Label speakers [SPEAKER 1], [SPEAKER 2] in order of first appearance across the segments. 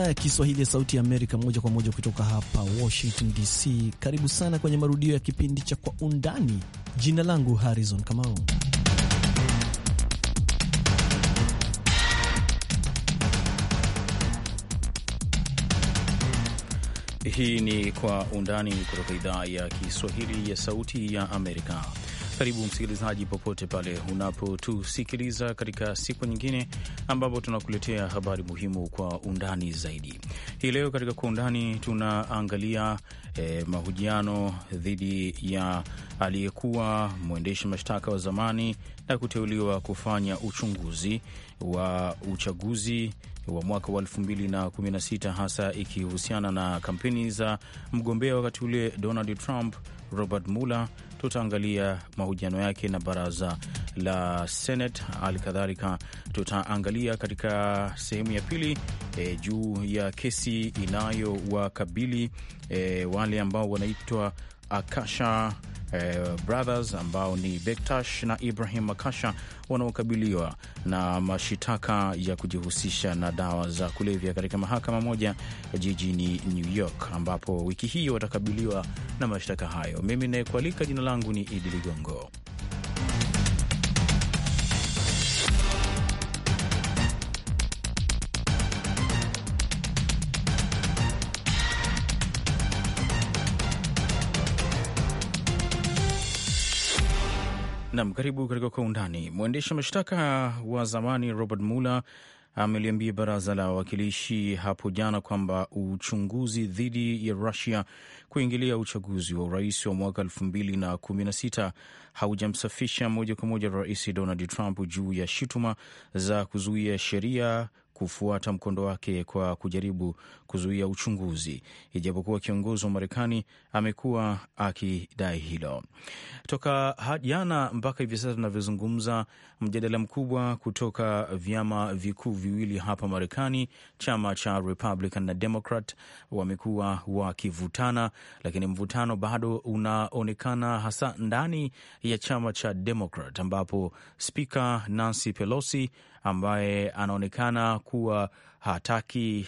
[SPEAKER 1] idhaa ya Kiswahili ya Sauti ya Amerika, moja kwa moja kutoka hapa Washington DC. Karibu sana kwenye marudio ya kipindi cha Kwa Undani. Jina langu Harrison Kamau.
[SPEAKER 2] Hii ni Kwa Undani kutoka idhaa ya Kiswahili ya Sauti ya Amerika. Karibu msikilizaji, popote pale unapotusikiliza katika siku nyingine ambapo tunakuletea habari muhimu kwa undani zaidi. Hii leo katika kwa undani tunaangalia eh, mahojiano dhidi ya aliyekuwa mwendesha mashtaka wa zamani na kuteuliwa kufanya uchunguzi wa uchaguzi wa mwaka wa 216 hasa ikihusiana na kampeni za mgombea wakati ule Donald Trump Robert Mueller. Tutaangalia mahojiano yake na baraza la Senate. Hali kadhalika tutaangalia katika sehemu ya pili e, juu ya kesi inayowakabili e, wale ambao wanaitwa Akasha Eh, brothers ambao ni Bektash na Ibrahim Makasha wanaokabiliwa na mashitaka ya kujihusisha na dawa za kulevya katika mahakama moja jijini New York, ambapo wiki hii watakabiliwa na mashtaka hayo. Mimi nayekualika, jina langu ni Idi Ligongo. Nam, karibu katika Kwa Undani. Mwendesha mashtaka wa zamani Robert Mueller ameliambia baraza la wawakilishi hapo jana kwamba uchunguzi dhidi ya Rusia kuingilia uchaguzi wa urais wa mwaka sita haujamsafisha moja kwa moja Rais Donald Trump juu ya shutuma za kuzuia sheria kufuata mkondo wake kwa kujaribu kuzuia uchunguzi, ijapokuwa kiongozi wa Marekani amekuwa akidai hilo toka jana mpaka hivi sasa tunavyozungumza. Mjadala mkubwa kutoka vyama vikuu viwili hapa Marekani, chama cha Republican na Democrat, wamekuwa wakivutana, lakini mvutano bado unaonekana hasa ndani ya chama cha Democrat ambapo spika Nancy Pelosi ambaye anaonekana kuwa hataki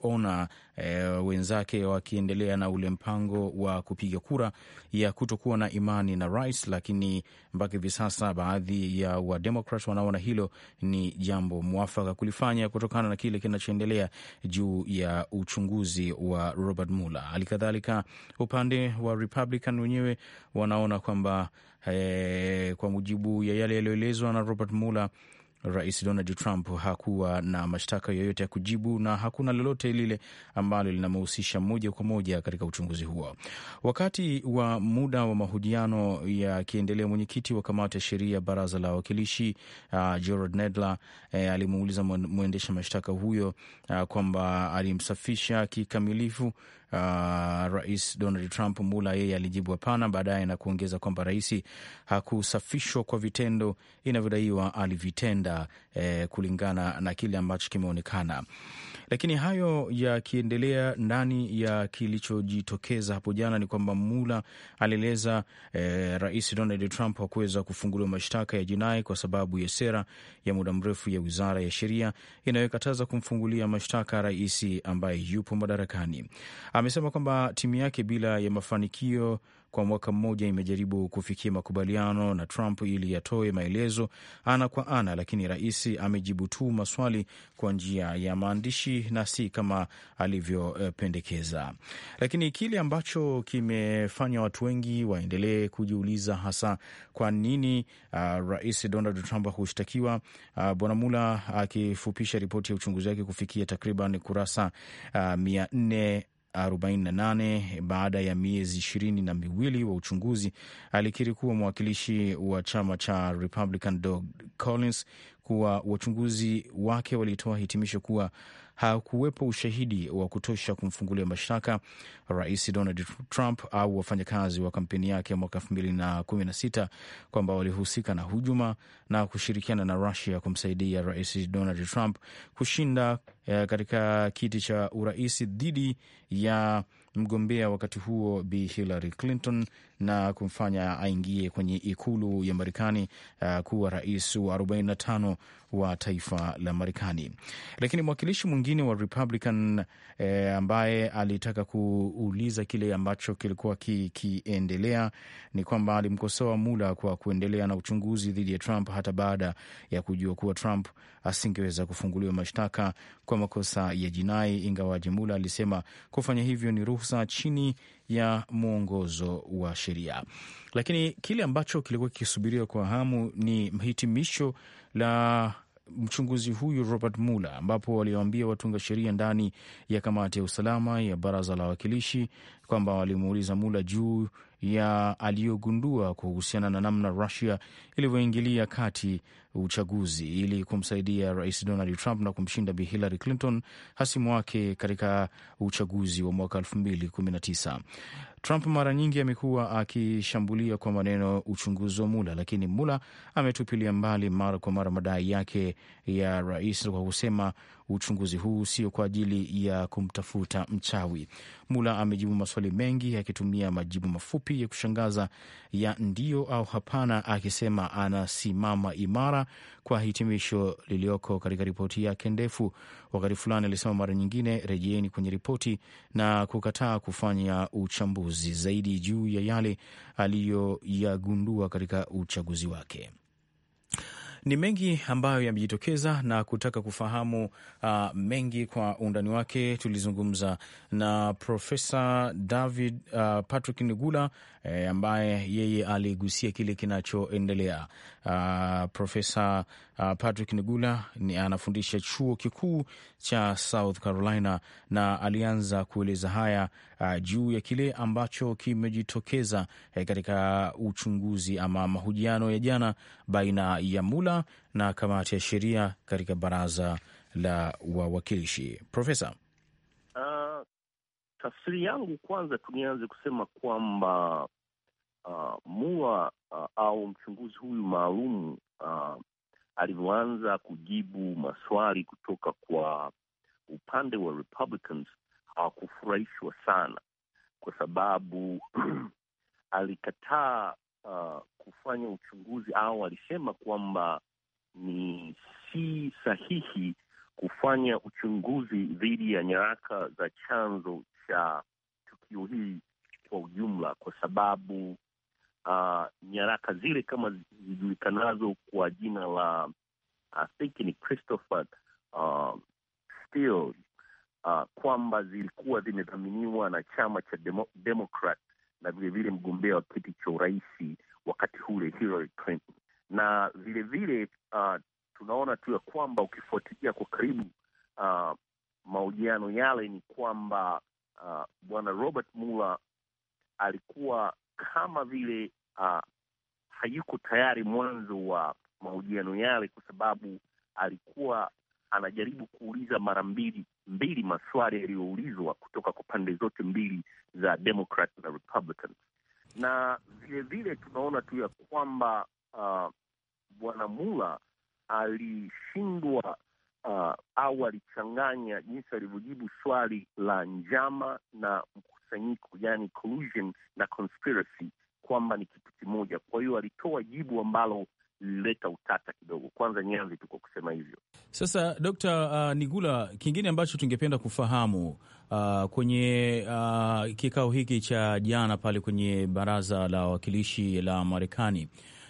[SPEAKER 2] kuona e, wenzake wakiendelea na ule mpango wa kupiga kura ya kutokuwa na imani na rais, lakini mpaka hivi sasa baadhi ya wademokrat wanaona hilo ni jambo mwafaka kulifanya kutokana na kile kinachoendelea juu ya uchunguzi wa Robert Mueller. Halikadhalika upande wa Republican wenyewe wanaona kwamba e, kwa mujibu ya yale yaliyoelezwa na Robert Mueller Rais Donald Trump hakuwa na mashtaka yoyote ya kujibu na hakuna lolote lile ambalo linamehusisha moja kwa moja katika uchunguzi huo. Wakati wa muda wa mahojiano yakiendelea, mwenyekiti wa kamati ya sheria baraza la wawakilishi uh, Gerald Nedler eh, alimuuliza mwendesha mashtaka huyo uh, kwamba alimsafisha kikamilifu uh, Rais Donald Trump. Mula yeye alijibu hapana, baadaye na kuongeza kwamba rais hakusafishwa kwa vitendo inavyodaiwa alivitenda, eh, kulingana na kile ambacho kimeonekana lakini hayo yakiendelea, ndani ya kilichojitokeza hapo jana ni kwamba Mula alieleza eh, Rais Donald Trump hakuweza kufunguliwa mashtaka ya jinai kwa sababu ya sera ya muda mrefu ya wizara ya sheria inayokataza kumfungulia mashtaka rais ambaye yupo madarakani. Amesema kwamba timu yake bila ya mafanikio kwa mwaka mmoja imejaribu kufikia makubaliano na Trump ili yatoe maelezo ana kwa ana, lakini rais amejibu tu maswali kwa njia ya maandishi na si kama alivyopendekeza. Lakini kile ambacho kimefanya watu wengi waendelee kujiuliza hasa kwa nini uh, rais Donald Trump hushtakiwa. Uh, bwana Mula akifupisha uh, ripoti ya uchunguzi wake kufikia takriban kurasa uh, mia nne 48 baada ya miezi ishirini na miwili wa uchunguzi, alikiri kuwa mwakilishi wa chama cha Republican Doug Collins kuwa wachunguzi wake walitoa hitimisho kuwa hakuwepo ushahidi wa kutosha kumfungulia mashtaka Rais Donald Trump au wafanyakazi wa kampeni yake mwaka sita kwamba walihusika na hujuma na kushirikiana na Rusia kumsaidia Rais Donald Trump kushinda eh, katika kiti cha urais dhidi ya mgombea wakati huo Bi Hillary Clinton na kumfanya aingie kwenye ikulu ya Marekani uh, kuwa rais wa 45 wa taifa la Marekani. Lakini mwakilishi mwingine wa Republican eh, ambaye alitaka kuuliza kile ambacho kilikuwa kikiendelea ni kwamba alimkosoa Mula kwa kuendelea na uchunguzi dhidi ya Trump hata baada ya kujua kuwa Trump asingeweza kufunguliwa mashtaka kwa makosa ya jinai, ingawaje Mula alisema kufanya hivyo ni ruhusa chini ya mwongozo wa sheria. Lakini kile ambacho kilikuwa kikisubiriwa kwa hamu ni hitimisho la mchunguzi huyu Robert Mueller, ambapo waliwaambia watunga sheria ndani ya kamati ya usalama ya baraza la wawakilishi kwamba walimuuliza Mueller juu ya aliyogundua kuhusiana na namna Rusia ilivyoingilia kati uchaguzi ili kumsaidia Rais Donald Trump na kumshinda Bi Hillary Clinton, hasimu wake katika uchaguzi wa mwaka 2019. Trump mara nyingi amekuwa akishambulia kwa maneno uchunguzi wa Mula, lakini Mula ametupilia mbali mara kwa mara madai yake ya rais kwa kusema uchunguzi huu sio kwa ajili ya kumtafuta mchawi. Mula amejibu maswali mengi akitumia majibu mafupi ya kushangaza ya ndio au hapana, akisema anasimama imara kwa hitimisho lilioko katika ripoti yake ndefu. Wakati fulani alisema, mara nyingine rejeeni kwenye ripoti, na kukataa kufanya uchambuzi zaidi juu ya yale aliyoyagundua katika uchaguzi wake. Ni mengi ambayo yamejitokeza na kutaka kufahamu uh, mengi kwa undani wake, tulizungumza na Profesa David uh, Patrick Nigula eh, ambaye yeye aligusia kile kinachoendelea. Uh, Profesa Uh, Patrick nigula ni anafundisha chuo kikuu cha South Carolina na alianza kueleza haya uh, juu ya kile ambacho kimejitokeza eh, katika uchunguzi ama mahojiano ya jana baina ya Mula na kamati ya sheria katika baraza la wawakilishi. Profesa,
[SPEAKER 3] uh, tafsiri yangu kwanza, tunianze kusema kwamba uh, Mula uh, au mchunguzi huyu maalum uh, alivyoanza kujibu maswali kutoka kwa upande wa Republicans hawakufurahishwa sana, kwa sababu alikataa uh, kufanya uchunguzi au alisema kwamba ni si sahihi kufanya uchunguzi dhidi ya nyaraka za chanzo cha tukio hili kwa ujumla, kwa sababu uh, nyaraka zile kama zijulikanazo kwa jina la I think ni Christopher uh, Steele uh, kwamba zilikuwa zimedhaminiwa na chama cha demo, Democrat na vilevile mgombea wa kiti cha urais wakati ule Hillary Clinton, na vilevile uh, tunaona tu ya kwamba ukifuatilia kwa karibu uh, mahojiano yale ni kwamba uh, bwana Robert Mueller alikuwa kama vile uh, hayuko tayari mwanzo wa mahojiano yale, kwa sababu alikuwa anajaribu kuuliza mara mbili mbili maswali yaliyoulizwa kutoka kwa pande zote mbili za Democrat na Republican, na vilevile tunaona tu ya kwamba uh, bwana Mula alishindwa uh, au alichanganya jinsi alivyojibu swali la njama na mkusanyiko, yani collusion na conspiracy kwamba ni kitu kimoja. Kwa hiyo alitoa jibu ambalo lilileta utata kidogo. Kwanza nyanzi tu kwa kusema hivyo.
[SPEAKER 2] Sasa d uh, Nigula, kingine ambacho tungependa kufahamu uh, kwenye uh, kikao hiki cha jana pale kwenye baraza la wawakilishi la Marekani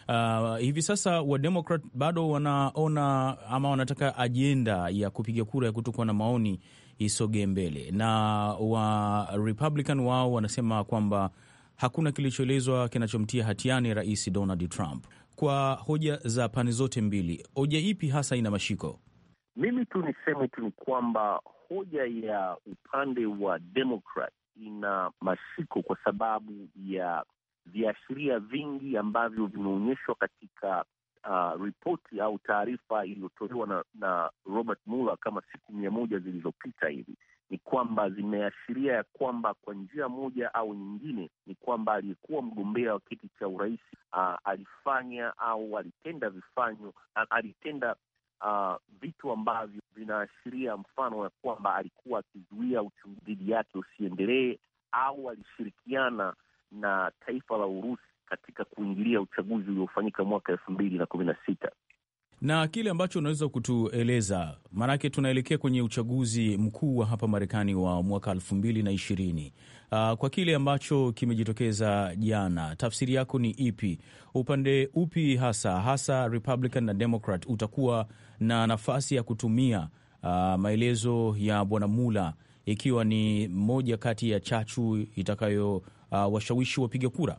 [SPEAKER 2] uh, hivi sasa Wademokrat bado wanaona ama wanataka ajenda ya kupiga kura ya kutokuwa na maoni isogee mbele, na wa Republican wao wanasema kwamba hakuna kilichoelezwa kinachomtia hatiani Rais Donald Trump kwa hoja za pande zote mbili. Hoja ipi hasa ina mashiko?
[SPEAKER 3] Mimi tu niseme tu ni kwamba hoja ya upande wa Democrat ina mashiko kwa sababu ya viashiria vingi ambavyo vimeonyeshwa katika uh, ripoti au taarifa iliyotolewa na, na Robert Mueller kama siku mia moja zilizopita hivi ni kwamba zimeashiria ya kwamba kwa njia moja au nyingine, ni kwamba aliyekuwa mgombea wa kiti cha urais alifanya au alitenda vifanyo, alitenda Uh, vitu ambavyo vinaashiria mfano ya kwamba alikuwa akizuia uchunguzi dhidi yake usiendelee au alishirikiana na taifa la Urusi katika kuingilia uchaguzi uliofanyika mwaka elfu mbili na kumi na sita
[SPEAKER 2] na kile ambacho unaweza kutueleza, maanake tunaelekea kwenye uchaguzi mkuu wa hapa Marekani wa mwaka elfu mbili na ishirini. Uh, kwa kile ambacho kimejitokeza jana, tafsiri yako ni ipi? Upande upi hasa hasa Republican na Democrat utakuwa na nafasi ya kutumia uh, maelezo ya bwana Mula ikiwa ni moja kati ya chachu itakayowashawishi ah, uh, wapiga kura?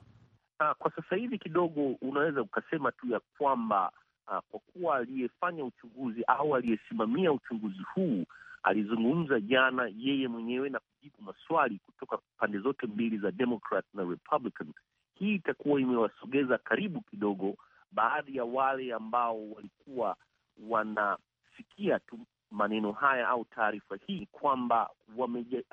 [SPEAKER 3] Uh, kwa sasa hivi kidogo unaweza ukasema tu ya kwamba Ah, kwa kuwa aliyefanya uchunguzi au aliyesimamia uchunguzi huu alizungumza jana yeye mwenyewe na kujibu maswali kutoka pande zote mbili za Democrat na Republican. Hii itakuwa imewasogeza karibu kidogo baadhi ya wale ambao walikuwa wanasikia tu maneno haya au taarifa hii kwamba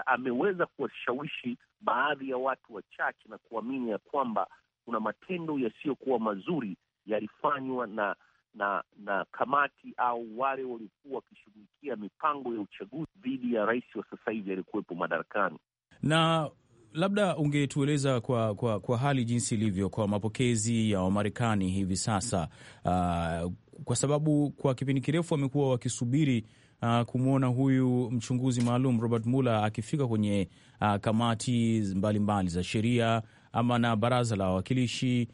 [SPEAKER 3] ameweza kuwashawishi baadhi ya watu wachache na kuamini ya kwamba kuna matendo yasiyokuwa mazuri yalifanywa na na na kamati au wale waliokuwa wakishughulikia mipango ya uchaguzi dhidi ya rais wa sasa hivi aliyekuwepo madarakani.
[SPEAKER 2] Na labda ungetueleza kwa, kwa, kwa hali jinsi ilivyo kwa mapokezi ya Wamarekani hivi sasa uh, kwa sababu kwa kipindi kirefu wamekuwa wakisubiri Uh, kumwona huyu mchunguzi maalum Robert Mueller akifika kwenye uh, kamati mbalimbali mbali za sheria ama na baraza la wawakilishi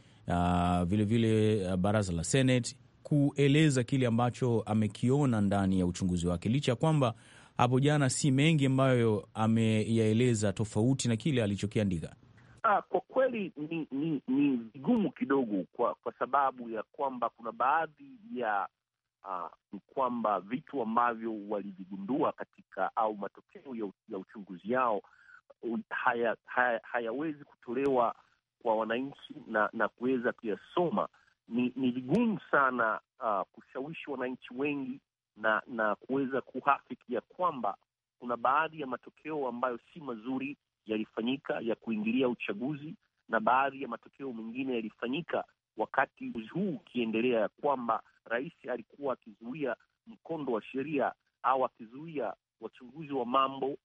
[SPEAKER 2] vilevile, uh, vile, uh, baraza la Senate kueleza kile ambacho amekiona ndani ya uchunguzi wake, licha ya kwamba hapo jana si mengi ambayo ameyaeleza tofauti na kile alichokiandika.
[SPEAKER 3] Ah, kwa kweli ni ni ni vigumu kidogo kwa, kwa sababu ya kwamba kuna baadhi ya ah, kwamba vitu ambavyo walivigundua katika au matokeo ya, ya uchunguzi yao hayawezi uh, haya, haya kutolewa kwa wananchi na, na kuweza kuyasoma ni, ni vigumu sana uh, kushawishi wananchi wengi na na kuweza kuhakiki ya kwamba kuna baadhi ya matokeo ambayo si mazuri yalifanyika ya kuingilia uchaguzi, na baadhi ya matokeo mengine yalifanyika wakati huu ukiendelea, ya kwamba rais alikuwa akizuia mkondo wa sheria au akizuia wachunguzi wa mambo,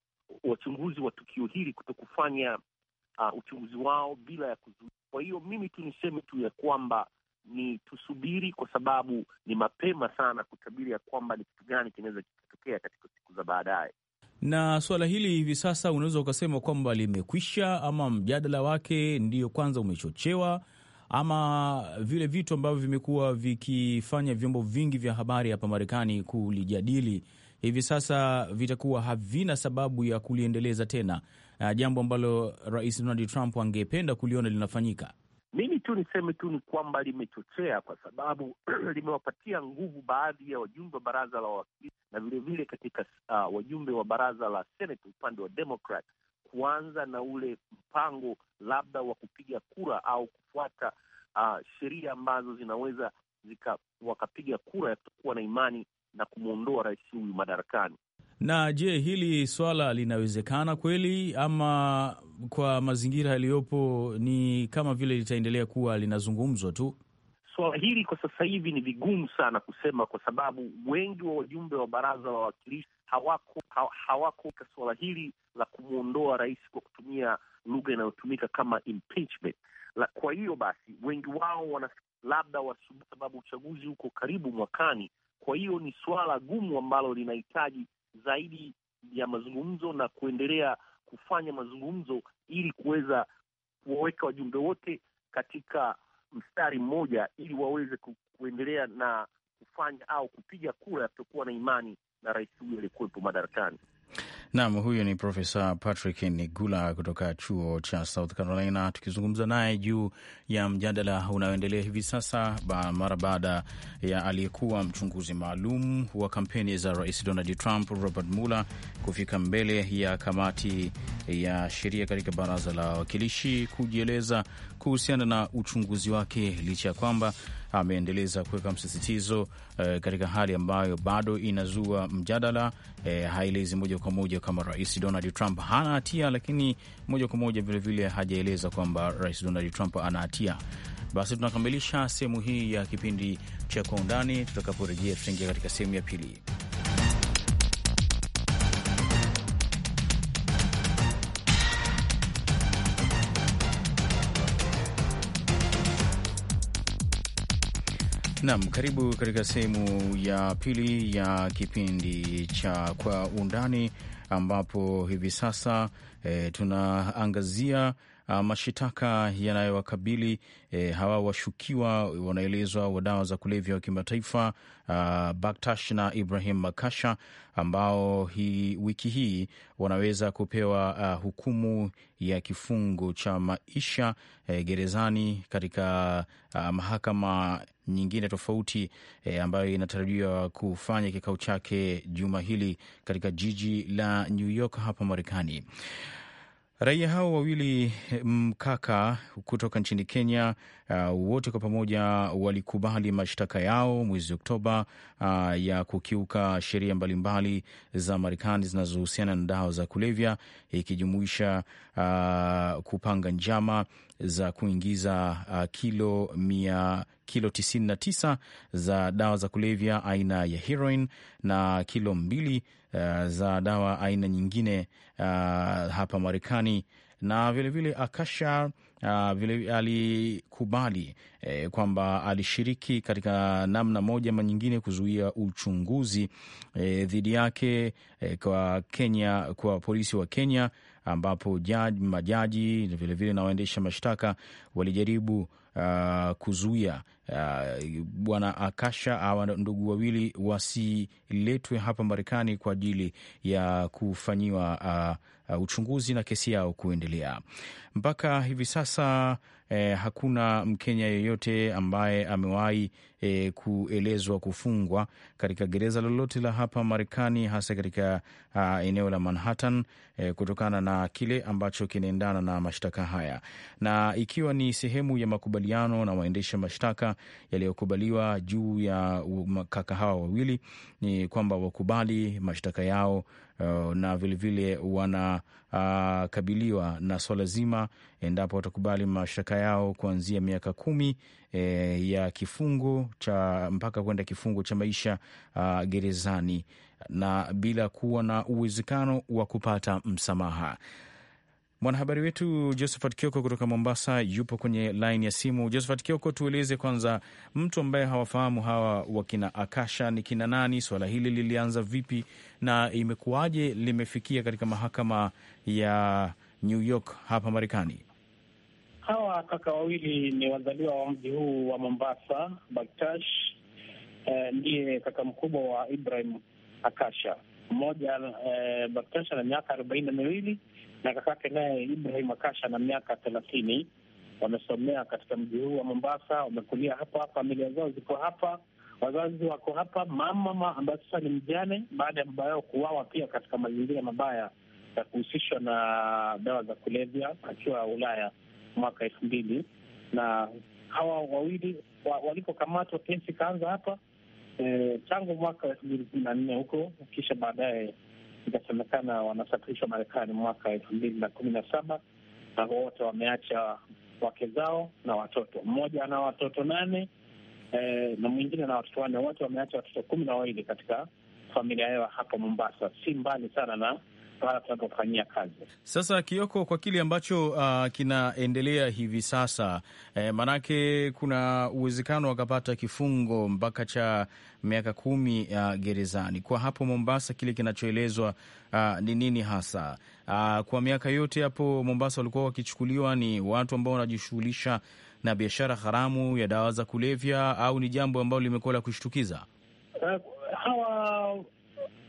[SPEAKER 3] wachunguzi wa tukio hili kuto kufanya uh, uchunguzi wao bila ya kuzuia. Kwa hiyo mimi tu niseme tu ya kwamba ni tusubiri, kwa sababu ni mapema sana kutabiri ya kwamba ni kitu gani kinaweza kikatokea
[SPEAKER 2] katika siku za baadaye. Na suala hili hivi sasa unaweza ukasema kwamba limekwisha, ama mjadala wake ndiyo kwanza umechochewa, ama vile vitu ambavyo vimekuwa vikifanya vyombo vingi vya habari hapa Marekani kulijadili hivi sasa vitakuwa havina sababu ya kuliendeleza tena, uh, jambo ambalo Rais Donald Trump angependa kuliona linafanyika.
[SPEAKER 3] Mimi tu niseme tu ni kwamba limechochea kwa sababu limewapatia nguvu baadhi ya wajumbe wa baraza la wawakilishi na vilevile katika uh, wajumbe wa baraza la seneti upande wa Democrat kuanza na ule mpango labda wa kupiga kura au kufuata uh, sheria ambazo zinaweza zika, wakapiga kura ya kutokuwa na imani na kumwondoa rais huyu madarakani.
[SPEAKER 2] Na je, hili swala linawezekana kweli ama kwa mazingira yaliyopo ni kama vile litaendelea kuwa linazungumzwa tu?
[SPEAKER 3] Swala hili kwa sasa hivi ni vigumu sana kusema, kwa sababu wengi wa wajumbe wa baraza la wawakilishi hawako hawako katika suala hili la kumwondoa rais kwa kutumia lugha inayotumika kama impeachment. La, kwa hiyo basi wengi wao wana labda wasubiri, sababu uchaguzi uko karibu mwakani. Kwa hiyo ni suala gumu ambalo linahitaji zaidi ya mazungumzo na kuendelea kufanya mazungumzo ili kuweza kuwaweka wajumbe wote katika mstari mmoja ili waweze kuendelea na kufanya au kupiga kura ya kutokuwa na imani na rais huyu
[SPEAKER 2] aliyekuwepo madarakani nam huyu ni Profesa Patrick Nigula kutoka chuo cha South Carolina, tukizungumza naye juu ya mjadala unaoendelea hivi sasa ba mara baada ya aliyekuwa mchunguzi maalum wa kampeni za Rais Donald Trump Robert Mueller kufika mbele ya kamati ya sheria katika baraza la wawakilishi kujieleza kuhusiana na uchunguzi wake licha ya kwamba ameendeleza kuweka msisitizo uh, katika hali ambayo bado inazua mjadala uh, eh, haelezi moja kwa moja kama Rais Donald Trump hana hatia, lakini moja kwa moja vilevile hajaeleza kwamba Rais Donald Trump ana hatia. Basi tunakamilisha sehemu hii ya kipindi cha Kwa Undani. Tutakaporejea tutaingia katika sehemu ya pili. Nam, karibu katika sehemu ya pili ya kipindi cha Kwa Undani, ambapo hivi sasa e, tunaangazia ah, mashitaka yanayowakabili e, hawa washukiwa wanaelezwa wa dawa za kulevya wa kimataifa ah, Baktash na Ibrahim Makasha ambao hii wiki hii wanaweza kupewa a, ah, hukumu ya kifungo cha maisha e, gerezani katika a, mahakama nyingine tofauti e, ambayo inatarajiwa kufanya kikao chake juma hili katika jiji la New York hapa Marekani. Raia hao wawili mkaka mm, kutoka nchini Kenya uh, wote kwa pamoja walikubali mashtaka yao mwezi Oktoba uh, ya kukiuka sheria mbalimbali za Marekani zinazohusiana na dawa za kulevya ikijumuisha uh, kupanga njama za kuingiza uh, kilo mia kilo 99 za dawa za kulevya aina ya heroin na kilo mbili Eh, za dawa aina nyingine uh, hapa Marekani na vilevile vile Akasha uh, vile alikubali eh, kwamba alishiriki katika namna moja ama nyingine kuzuia uchunguzi eh, dhidi yake eh, kwa Kenya, kwa polisi wa Kenya ambapo jaji, majaji vilevile na waendesha mashtaka walijaribu uh, kuzuia uh, bwana Akasha awa ndugu wawili wasiletwe hapa Marekani kwa ajili ya kufanyiwa uh, uh, uchunguzi na kesi yao kuendelea mpaka hivi sasa eh, hakuna Mkenya yeyote ambaye amewahi eh, kuelezwa kufungwa katika gereza lolote la hapa Marekani, hasa katika uh, eneo la Manhattan eh, kutokana na kile ambacho kinaendana na mashtaka haya, na ikiwa ni sehemu ya makubaliano na waendesha mashtaka yaliyokubaliwa juu ya kaka hawa wawili, ni kwamba wakubali mashtaka yao uh, na vilevile wana kabiliwa na swala zima, endapo watakubali mashtaka yao kuanzia miaka kumi e, ya kifungo cha mpaka kwenda kifungo cha maisha a, gerezani na bila kuwa na uwezekano wa kupata msamaha. Mwanahabari wetu Josephat Kioko kutoka Mombasa yupo kwenye laini ya simu. Josephat Kioko, tueleze kwanza, mtu ambaye hawafahamu hawa wakina Akasha ni kina nani? suala hili lilianza vipi na imekuwaje limefikia katika mahakama ya New York hapa Marekani?
[SPEAKER 4] Hawa kaka wawili ni wazaliwa wa mji huu wa Mombasa. Baktash eh, ndiye kaka mkubwa wa Ibrahim Akasha mmoja eh, Bakasha na miaka arobaini na miwili na kakake naye Ibrahim Akasha na miaka thelathini. Wamesomea katika mji huu wa Mombasa, wamekulia hapa, familia zao ziko hapa, wazazi wako hapa. Mama ambaye sasa ni mjane baada ya baba yao kuwawa pia katika mazingira mabaya ya kuhusishwa na dawa za kulevya akiwa Ulaya mwaka elfu mbili na hawa wawili walikokamatwa, kesi ikaanza hapa e, tangu mwaka elfu mbili kumi na nne huko, kisha baadaye ikasemekana wanasafirishwa Marekani mwaka elfu mbili na kumi na saba na wote wameacha wake zao na watoto. Mmoja ana watoto nane e, na mwingine na watoto wanne, wote wameacha watoto kumi na wawili katika familia yao hapo Mombasa, si mbali sana na pala tunapofanyia kazi.
[SPEAKER 2] Sasa Kioko, kwa kile ambacho uh, kinaendelea hivi sasa eh, maanake kuna uwezekano wakapata kifungo mpaka cha miaka kumi uh, gerezani. Kwa hapo Mombasa kile kinachoelezwa uh, ni uh, nini hasa? Uh, kwa miaka yote hapo Mombasa walikuwa wakichukuliwa ni watu ambao wanajishughulisha na biashara haramu ya dawa za kulevya, au ni jambo ambalo limekuwa la kushtukiza
[SPEAKER 4] uh, hawa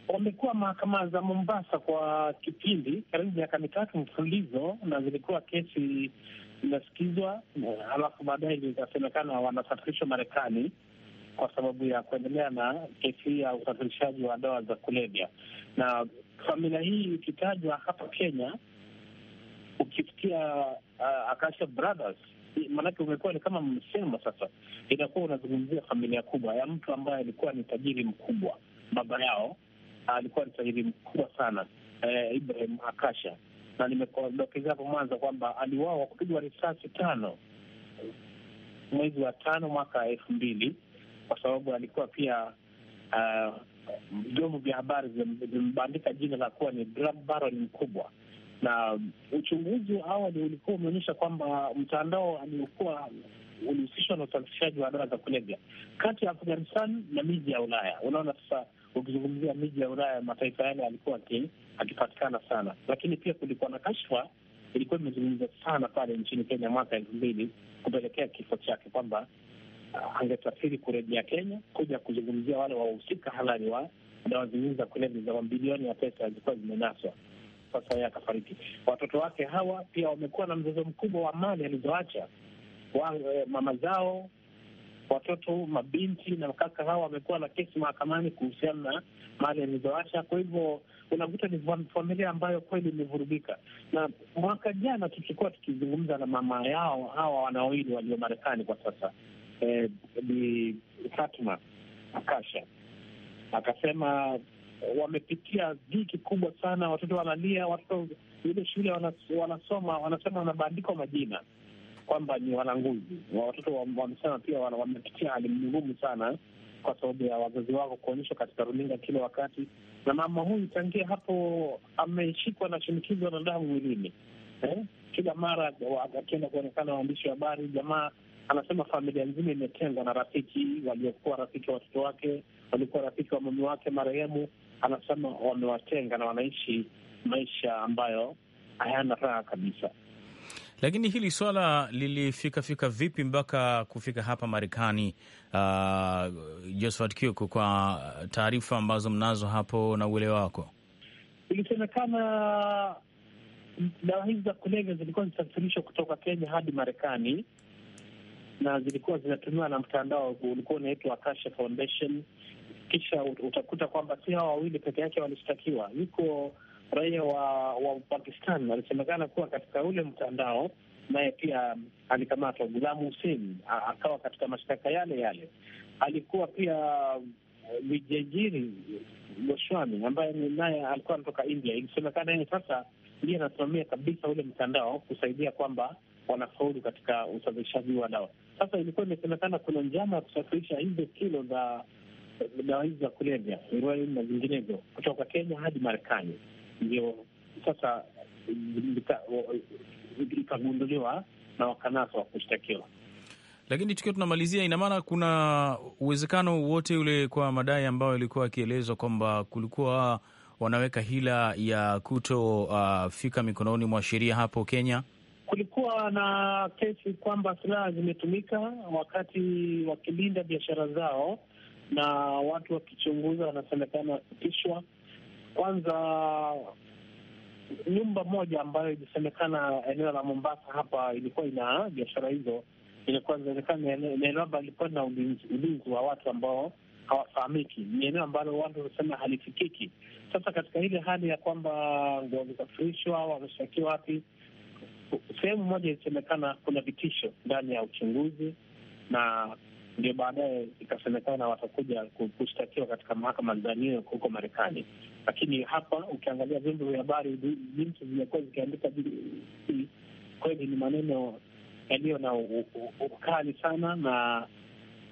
[SPEAKER 4] wamekuwa mahakama za Mombasa kwa kipindi karibu miaka mitatu mfululizo, na zilikuwa kesi zinasikizwa, halafu baadaye ikasemekana wanasafirishwa Marekani kwa sababu ya kuendelea na kesi ya usafirishaji wa dawa za kulevya. Na familia hii ikitajwa hapa Kenya, ukisikia uh, Akasha Brothers maanake umekuwa ni kama msemo sasa, inakuwa unazungumzia familia kubwa ya mtu ambaye alikuwa ni tajiri mkubwa, baba yao Ah, alikuwa ni msajili mkubwa sana eh, Ibrahim Akasha, na nimedokeza hapo Mwanza kwamba aliwawa kupigwa risasi tano mwezi wa tano mwaka elfu mbili kwa sababu alikuwa pia ah, vyombo uh, vya habari vimebandika jina la kuwa ni baroni mkubwa, na uchunguzi wa awali ulikuwa umeonyesha kwamba mtandao aliokuwa ulihusishwa na usafirishaji wa dawa za kulevya kati ya Afghanistan na miji ya Ulaya. Unaona sasa ukizungumzia miji ya Ulaya, mataifa yale alikuwa akipatikana sana, lakini pia kulikuwa na kashfa ilikuwa imezungumza sana pale nchini Kenya mwaka elfu mbili kupelekea kifo chake, kwamba uh, angesafiri kurejea Kenya kuja kuzungumzia wale wahusika halali wa dawa zingine za kulevya za mabilioni ya pesa zilikuwa zimenaswa. Sasa yeye akafariki. Watoto wake hawa pia wamekuwa na mzozo mkubwa wa mali alizoacha, eh, mama zao watoto, mabinti na kaka hawa wamekuwa na kesi mahakamani kuhusiana na mali alizoasha Kwa hivyo unakuta ni familia ambayo kweli imevurugika. Na mwaka jana tulikuwa tukizungumza na mama yao hawa wanawili walio Marekani kwa sasa, eh, ni e, Fatma Akasha akasema wamepitia dhiki kubwa sana, watoto wanalia, watoto ile shule wanasoma, wanasema wanabandikwa majina kwamba ni walanguzi na watoto wa pia wamepitia hali ngumu sana kwa sababu ya wazazi wao kuonyeshwa katika runinga kila wakati, na mama huyu tangia hapo ameshikwa na shinikizo na damu mwilini eh? Kila mara akienda kuonekana waandishi wa habari, jamaa anasema familia nzima imetengwa na rafiki, waliokuwa rafiki wa watoto wake, waliokuwa rafiki wa mume wake marehemu, anasema wamewatenga na wanaishi maisha ambayo hayana raha kabisa.
[SPEAKER 2] Lakini hili swala lilifikafika vipi mpaka kufika hapa Marekani? Uh, Josephat Kioko, kwa taarifa ambazo mnazo hapo na uelewa wako,
[SPEAKER 4] ilisemekana mm, dawa hizi za kulevya zilikuwa zisafirishwa kutoka Kenya hadi Marekani na zilikuwa zinatumiwa na mtandao ulikuwa unaitwa Akasha Foundation. Kisha utakuta kwamba si hawa wawili peke yake walishtakiwa, yuko raia wa, wa Pakistan alisemekana kuwa katika ule mtandao, naye pia um, alikamatwa. gulamu Hussein akawa katika mashtaka yale yale. Alikuwa pia vijajiri um, Goswami ambaye naye alikuwa anatoka India. Ilisemekana yeye sasa ndiye anasimamia kabisa ule mtandao kusaidia kwamba wanafaulu katika usafirishaji wa dawa. Sasa ilikuwa imesemekana kuna njama ya kusafirisha hizo kilo za dawa hizi za kulevya, heroin na zinginezo kutoka Kenya hadi Marekani ndio sasa ikagunduliwa na wakanasa wa kushtakiwa.
[SPEAKER 2] Lakini tukiwa tunamalizia, ina maana kuna uwezekano wote ule kwa madai ambayo yalikuwa yakielezwa kwamba kulikuwa wanaweka hila ya kutofika uh, mikononi mwa sheria hapo Kenya.
[SPEAKER 4] Kulikuwa na kesi kwamba silaha zimetumika wakati wakilinda biashara zao, na watu wakichunguza wanasemekana kupitishwa kwanza nyumba moja ambayo ilisemekana eneo la Mombasa hapa ilikuwa ina biashara hizo, ilikuwa inaonekana ni ilikuwa na ulinzi wa watu ambao hawafahamiki, ni eneo ambalo watu wanasema halifikiki. Sasa katika ile hali ya kwamba wamesafirishwa, wameshtakiwa wapi, sehemu moja ilisemekana kuna vitisho ndani ya uchunguzi na ndio baadaye ikasemekana watakuja kushtakiwa katika mahakama za New huko Marekani. Lakini hapa ukiangalia vyombo vya habari jinsi zimekuwa zikiandika, kweli ni maneno yaliyo na ukali sana, na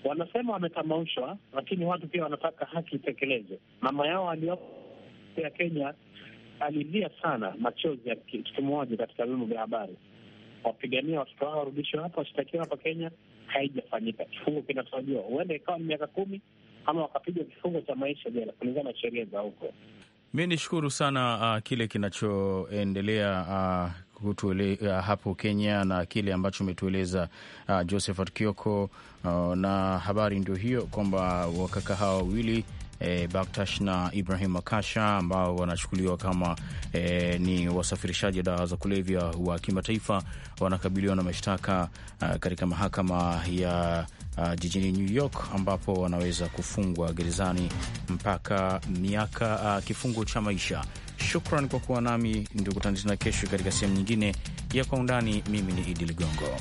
[SPEAKER 4] wanasema wametamaushwa, lakini watu pia wanataka haki itekelezwe. Mama yao aliyoko ya Kenya alilia sana machozi kimoja katika vyombo vya habari, wapigania watoto wao warudishwe hapa, washitakiwa hapa Kenya haijafanyika. Kifungo kinatarajiwa huenda ikawa ni miaka kumi ama wakapiga kifungo cha maisha jela, kulingana na sheria za huko.
[SPEAKER 2] Mi nishukuru sana uh, kile kinachoendelea uh, Kutuele, uh, hapo Kenya na kile ambacho umetueleza uh, Josephat Kioko uh, na habari ndio hiyo kwamba wakaka hawa wawili e, Baktash na Ibrahim akasha ambao wanachukuliwa kama e, ni wasafirishaji wa dawa za kulevya wa kimataifa, wanakabiliwa na mashtaka e, katika mahakama ya Uh, jijini New York ambapo wanaweza kufungwa gerezani mpaka miaka uh, kifungo cha maisha. Shukran kwa kuwa nami, ndio kutana tena kesho katika sehemu nyingine ya Kwa Undani. Mimi ni Idi Ligongo.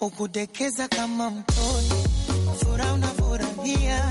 [SPEAKER 1] ukudekeza kama mtoto furaha unafurahia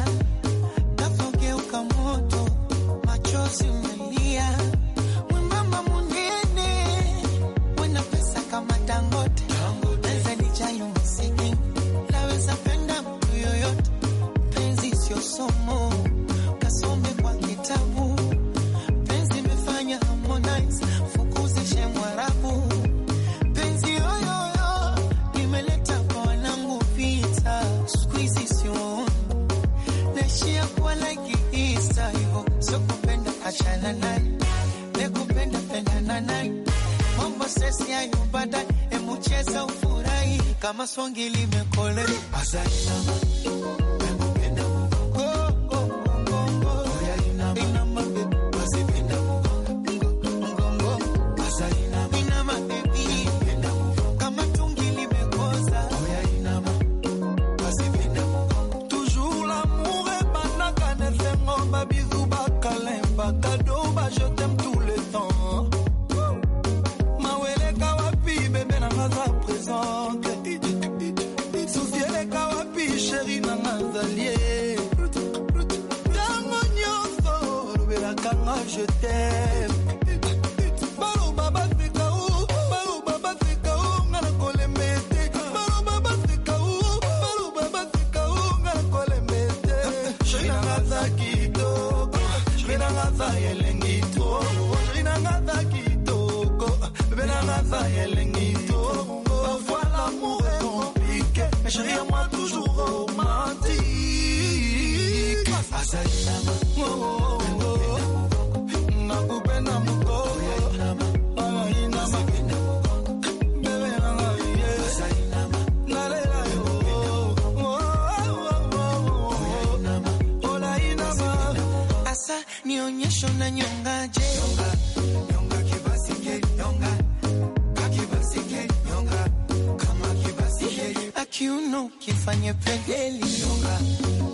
[SPEAKER 1] Kiuno kifanye pedeli nyonga,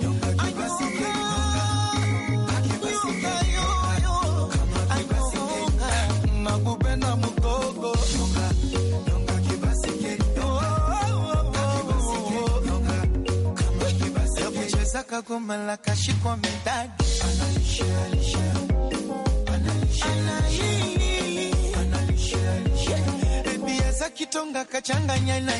[SPEAKER 1] nyonga kibasike nyonga, nyonga yoyo kama kibasike nakupenda mugogo nyonga, nyonga kibasike nyonga, kibasike nyonga kama kibasike yakucheza kagoma la kashi Changanya na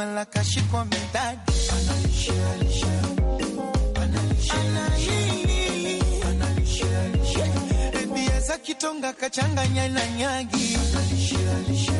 [SPEAKER 1] mamlaka shikwa medadi kitonga kachanganya na nyagi analisha,